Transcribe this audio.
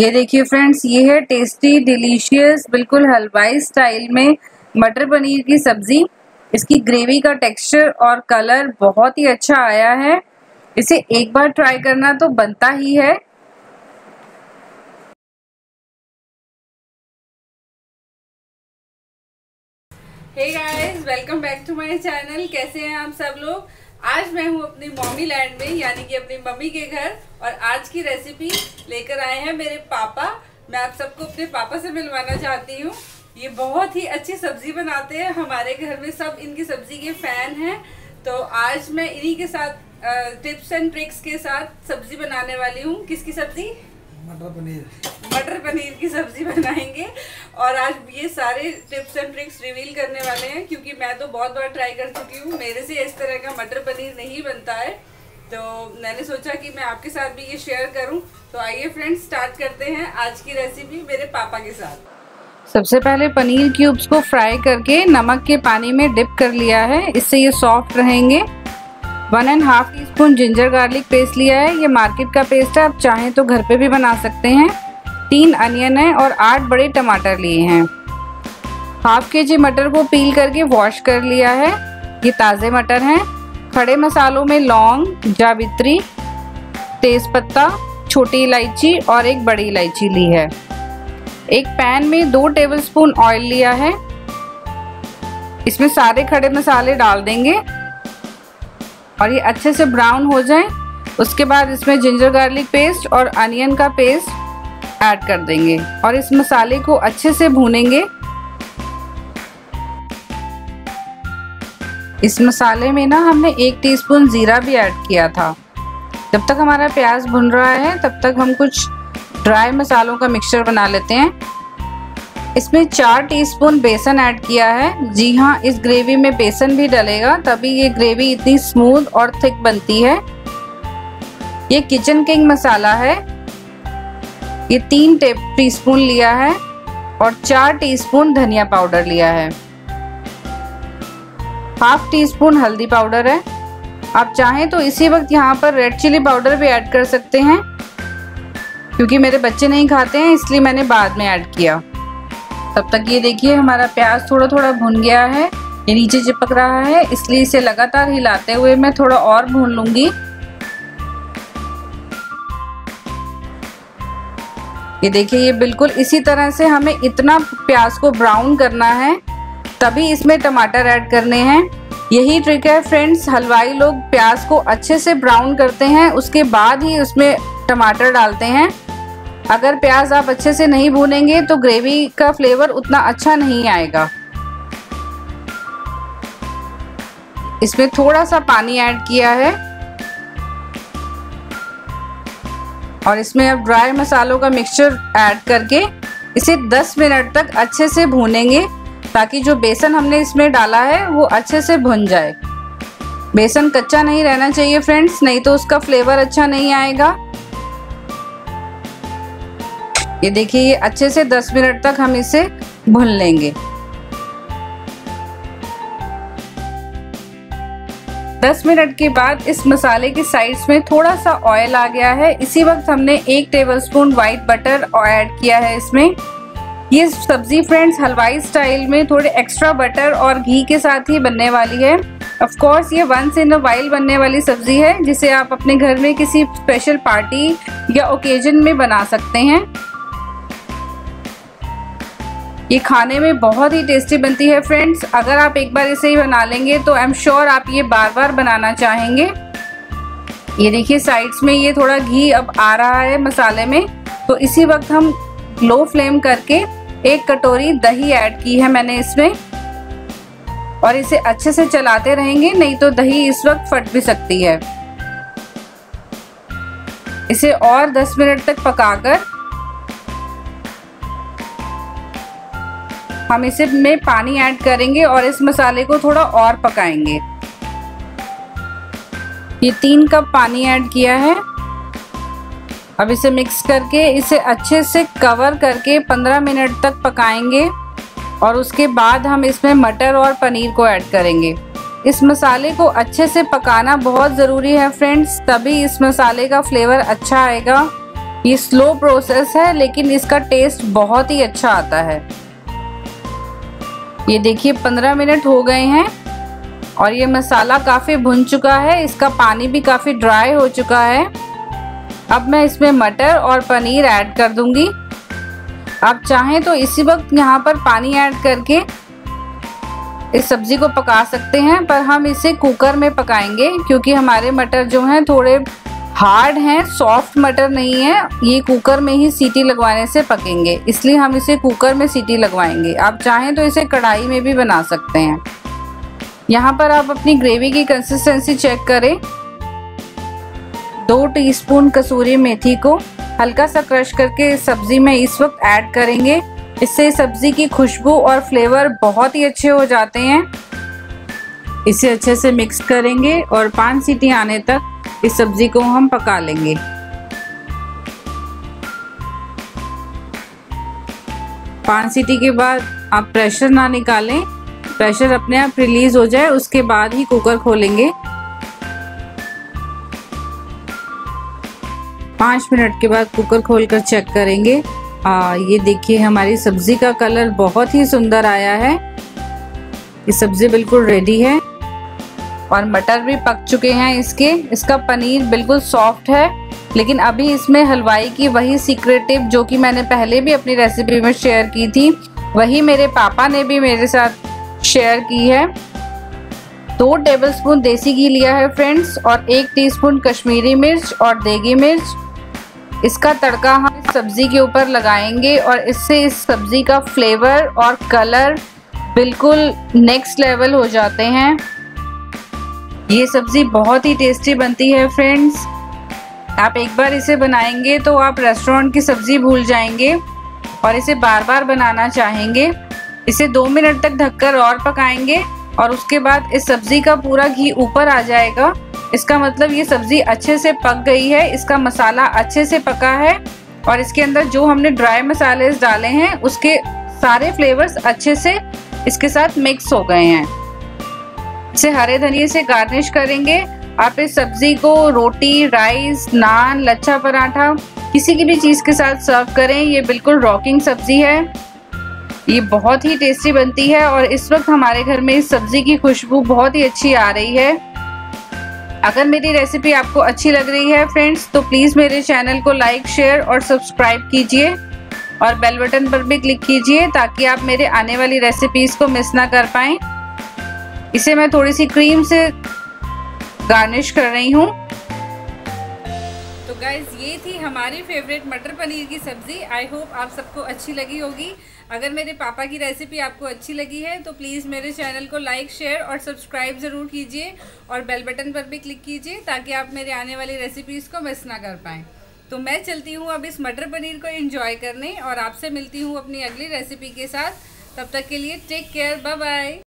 ये देखिए फ्रेंड्स ये है टेस्टी डिलीशियस बिल्कुल हलवाई स्टाइल में मटर पनीर की सब्ज़ी इसकी ग्रेवी का टेक्सचर और कलर बहुत ही अच्छा आया है इसे एक बार ट्राई करना तो बनता ही है hey guys welcome back to my channel कैसे हैं आप सब लोग आज मैं हूँ अपनी मॉमी लैंड में यानी कि अपनी मम्मी के घर और आज की रेसिपी लेकर आए हैं मेरे पापा मैं आप सबको अपने पापा से मिलवाना चाहती हूँ ये बहुत ही अच्छी सब्ज़ी बनाते हैं हमारे घर में सब इनकी सब्ज़ी के फ़ैन हैं तो आज मैं इन्हीं के साथ टिप्स एंड ट्रिक्स के साथ सब्ज़ी बनाने वाली हूँ किसकी सब्ज़ी मटर पनीर मटर पनीर की सब्ज़ी बना और आज ये सारे टिप्स एंड ट्रिक्स रिवील करने वाले हैं क्योंकि मैं तो बहुत बार ट्राई कर चुकी हूँ मेरे से इस तरह का मटर पनीर नहीं बनता है तो मैंने सोचा कि मैं आपके साथ भी ये शेयर करूँ तो आइए फ्रेंड्स स्टार्ट करते हैं आज की रेसिपी मेरे पापा के साथ सबसे पहले पनीर क्यूब्स को फ्राई करके नमक के पानी में डिप कर लिया है इससे ये सॉफ्ट रहेंगे one and half teaspoon ginger garlic paste लिया है ये मार्केट का पेस्ट है आप चाहें तो घर पे भी बना सकते हैं तीन अनियन है और आठ बड़े टमाटर लिए हैं हाफ के जी मटर को पील करके वॉश कर लिया है ये ताज़े मटर हैं खड़े मसालों में लौंग जावित्री तेज़पत्ता छोटी इलायची और एक बड़ी इलायची ली है एक पैन में दो टेबलस्पून ऑयल लिया है इसमें सारे खड़े मसाले डाल देंगे और ये अच्छे से ब्राउन हो जाए उसके बाद इसमें जिंजर गार्लिक पेस्ट और अनियन का पेस्ट ऐड कर देंगे और इस मसाले को अच्छे से भूनेंगे इस मसाले में ना हमने एक टीस्पून ज़ीरा भी ऐड किया था जब तक हमारा प्याज भुन रहा है तब तक हम कुछ ड्राई मसालों का मिक्सचर बना लेते हैं इसमें चार टीस्पून बेसन ऐड किया है जी हाँ इस ग्रेवी में बेसन भी डलेगा तभी ये ग्रेवी इतनी स्मूथ और थिक बनती है ये किचन किंग मसाला है ये तीन टी स्पून लिया है और चार टीस्पून धनिया पाउडर लिया है हाफ टी स्पून हल्दी पाउडर है आप चाहें तो इसी वक्त यहाँ पर रेड चिली पाउडर भी ऐड कर सकते हैं क्योंकि मेरे बच्चे नहीं खाते हैं इसलिए मैंने बाद में ऐड किया तब तक ये देखिए हमारा प्याज थोड़ा थोड़ा भुन गया है ये नीचे चिपक रहा है इसलिए इसे लगातार हिलाते हुए मैं थोड़ा और भून लूंगी ये देखिए ये बिल्कुल इसी तरह से हमें इतना प्याज को ब्राउन करना है तभी इसमें टमाटर ऐड करने हैं यही ट्रिक है फ्रेंड्स हलवाई लोग प्याज को अच्छे से ब्राउन करते हैं उसके बाद ही उसमें टमाटर डालते हैं अगर प्याज आप अच्छे से नहीं भूनेंगे तो ग्रेवी का फ्लेवर उतना अच्छा नहीं आएगा इसमें थोड़ा सा पानी ऐड किया है और इसमें अब ड्राई मसालों का मिक्सचर ऐड करके इसे 10 मिनट तक अच्छे से भूनेंगे ताकि जो बेसन हमने इसमें डाला है वो अच्छे से भुन जाए बेसन कच्चा नहीं रहना चाहिए फ्रेंड्स नहीं तो उसका फ्लेवर अच्छा नहीं आएगा ये देखिए ये अच्छे से 10 मिनट तक हम इसे भून लेंगे 10 मिनट के बाद इस मसाले की साइड्स में थोड़ा सा ऑयल आ गया है इसी वक्त हमने एक टेबलस्पून वाइट बटर ऐड किया है इसमें ये सब्जी फ्रेंड्स हलवाई स्टाइल में थोड़े एक्स्ट्रा बटर और घी के साथ ही बनने वाली है ऑफ कोर्स ये वंस इन अ वाइल बनने वाली सब्जी है जिसे आप अपने घर में किसी स्पेशल पार्टी या ओकेजन में बना सकते हैं ये खाने में बहुत ही टेस्टी बनती है फ्रेंड्स अगर आप एक बार इसे ही बना लेंगे तो आई एम श्योर आप ये बार बार बनाना चाहेंगे ये देखिए साइड्स में ये थोड़ा घी अब आ रहा है मसाले में तो इसी वक्त हम लो फ्लेम करके एक कटोरी दही ऐड की है मैंने इसमें और इसे अच्छे से चलाते रहेंगे नहीं तो दही इस वक्त फट भी सकती है इसे और 10 मिनट तक पकाकर हम इसे में पानी ऐड करेंगे और इस मसाले को थोड़ा और पकाएंगे ये तीन कप पानी ऐड किया है अब इसे मिक्स करके इसे अच्छे से कवर करके 15 मिनट तक पकाएंगे और उसके बाद हम इसमें मटर और पनीर को ऐड करेंगे इस मसाले को अच्छे से पकाना बहुत ज़रूरी है फ्रेंड्स तभी इस मसाले का फ्लेवर अच्छा आएगा ये स्लो प्रोसेस है लेकिन इसका टेस्ट बहुत ही अच्छा आता है ये देखिए पंद्रह मिनट हो गए हैं और ये मसाला काफ़ी भुन चुका है इसका पानी भी काफ़ी ड्राई हो चुका है अब मैं इसमें मटर और पनीर ऐड कर दूंगी आप चाहें तो इसी वक्त यहाँ पर पानी ऐड करके इस सब्ज़ी को पका सकते हैं पर हम इसे कुकर में पकाएंगे क्योंकि हमारे मटर जो हैं थोड़े हार्ड हैं सॉफ्ट मटर नहीं है ये कुकर में ही सीटी लगवाने से पकेंगे इसलिए हम इसे कुकर में सीटी लगवाएंगे आप चाहें तो इसे कढ़ाई में भी बना सकते हैं यहाँ पर आप अपनी ग्रेवी की कंसिस्टेंसी चेक करें दो टीस्पून कसूरी मेथी को हल्का सा क्रश करके सब्जी में इस वक्त ऐड करेंगे इससे सब्जी की खुशबू और फ्लेवर बहुत ही अच्छे हो जाते हैं इसे अच्छे से मिक्स करेंगे और पाँच सीटी आने तक इस सब्ज़ी को हम पका लेंगे पान सीटी के बाद आप प्रेशर ना निकालें प्रेशर अपने आप रिलीज़ हो जाए उसके बाद ही कुकर खोलेंगे पाँच मिनट के बाद कुकर खोलकर चेक करेंगे आ, ये देखिए हमारी सब्ज़ी का कलर बहुत ही सुंदर आया है ये सब्ज़ी बिल्कुल रेडी है और मटर भी पक चुके हैं इसके इसका पनीर बिल्कुल सॉफ्ट है लेकिन अभी इसमें हलवाई की वही सीक्रेट टिप जो कि मैंने पहले भी अपनी रेसिपी में शेयर की थी वही मेरे पापा ने भी मेरे साथ शेयर की है दो टेबलस्पून देसी घी लिया है फ्रेंड्स और एक टीस्पून कश्मीरी मिर्च और देगी मिर्च इसका तड़का हम सब्ज़ी के ऊपर लगाएंगे और इससे इस सब्ज़ी का फ्लेवर और कलर बिल्कुल नेक्स्ट लेवल हो जाते हैं ये सब्ज़ी बहुत ही टेस्टी बनती है फ्रेंड्स आप एक बार इसे बनाएंगे तो आप रेस्टोरेंट की सब्ज़ी भूल जाएंगे और इसे बार बार बनाना चाहेंगे इसे दो मिनट तक ढककर और पकाएंगे और उसके बाद इस सब्ज़ी का पूरा घी ऊपर आ जाएगा इसका मतलब ये सब्ज़ी अच्छे से पक गई है इसका मसाला अच्छे से पका है और इसके अंदर जो हमने ड्राई मसाले डाले हैं उसके सारे फ्लेवर्स अच्छे से इसके साथ मिक्स हो गए हैं इसे हरे धनिए से गार्निश करेंगे आप इस सब्जी को रोटी राइस नान लच्छा पराठा किसी की भी चीज़ के साथ सर्व करें ये बिल्कुल रॉकिंग सब्जी है ये बहुत ही टेस्टी बनती है और इस वक्त हमारे घर में इस सब्ज़ी की खुशबू बहुत ही अच्छी आ रही है अगर मेरी रेसिपी आपको अच्छी लग रही है फ्रेंड्स तो प्लीज़ मेरे चैनल को लाइक शेयर और सब्सक्राइब कीजिए और बेल बटन पर भी क्लिक कीजिए ताकि आप मेरे आने वाली रेसिपीज़ को मिस ना कर पाएँ इसे मैं थोड़ी सी क्रीम से गार्निश कर रही हूँ तो गाइज ये थी हमारी फेवरेट मटर पनीर की सब्ज़ी आई होप आप सबको अच्छी लगी होगी अगर मेरे पापा की रेसिपी आपको अच्छी लगी है तो प्लीज़ मेरे चैनल को लाइक शेयर और सब्सक्राइब ज़रूर कीजिए और बेल बटन पर भी क्लिक कीजिए ताकि आप मेरे आने वाली रेसिपीज़ को मिस ना कर पाएँ तो मैं चलती हूँ अब इस मटर पनीर को इन्जॉय करने और आपसे मिलती हूँ अपनी अगली रेसिपी के साथ तब तक के लिए टेक केयर बाय बाय